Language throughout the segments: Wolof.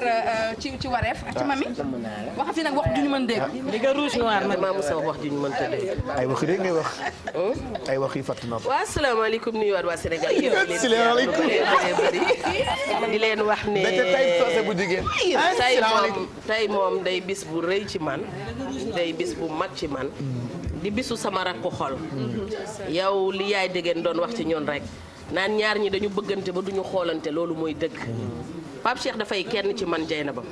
affaire euh, ci ci wareef ak ci mami waxati nag wax ju ñu mën dégg li nga rouge noir nag maa mos a wax wax ju ñu mën dégg ay wax dégg ngay wax ay wax yi fàtt na waaw asalaamaaleykum nuyuwaat waa Sénégal asalaamaaleykum leen wax ne tey moom moom day bis bu rëy ci man day bis bu mag ci man di bisu sama rakku xol mm-hmm. yow li yaay déggeen doon wax ci ñun rek naan ñaar ñi dañu bëggante ba duñu xoolante loolu mooy dëgg. Pape Cheikh dafay kenn ci man jay na ba.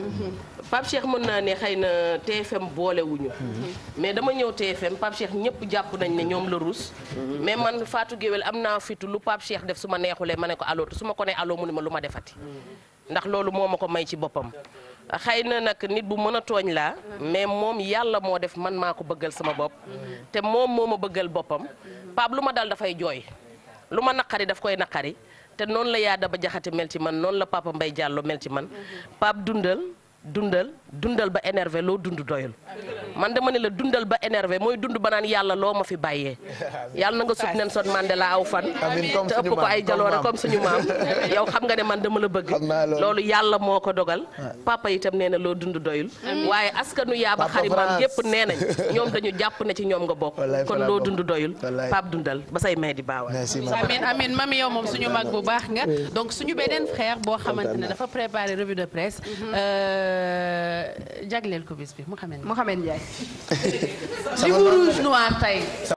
Pape Cheikh mën naa ne xëy na TFM boolewuñu. mais dama ñëw TFM Pape Cheikh ñëpp jàpp nañ ne ñoom la ruus. mais man Fatou géwél am naa fitu lu Pape Cheikh def su ma neexulee ma ne ko allo su ma ko nee allo ma lu ma defati. ndax loolu moo ma ko may ci boppam. xëy na nag nit bu mën a tooñ laa mais moom yàlla moo def man maa ko bëggal sama bopp. te moom moo ma bëggal boppam Pape lu ma dal dafay jooy. lu ma naqari daf koy naqari te noonu la yaada ba jaxate mel ci man noonu la papa Mbay Jàllo mel ci man mm-hmm. Pape dundal dundal dundal ba énervé loo dund doyul man dama ne la dundal ba énervé mooy dund ba naan yàlla loo ma fi bàyyee yàlla na nga sut nen son Mandela aw fan te ëpp ko ay jaloore comme suñu ne man dama la bëgg loolu yàlla moo ko dogal papa itam nee na loo dund doyul waaye askanu yaaba xarimaam yépp nee nañ ñoom dañu jàpp ne ci ñoom nga bokk kon loo dund doyul pap dundal ba say may di baawa amin amin mami yow moom suñu mag bu baax nga donc suñu beneen frère boo xamante ne dafa préparé revue de presse mm-hmm. euh, jagleel ko bis bi Mouhamed Mouhamed Ndiaye. sama rouge noir tey.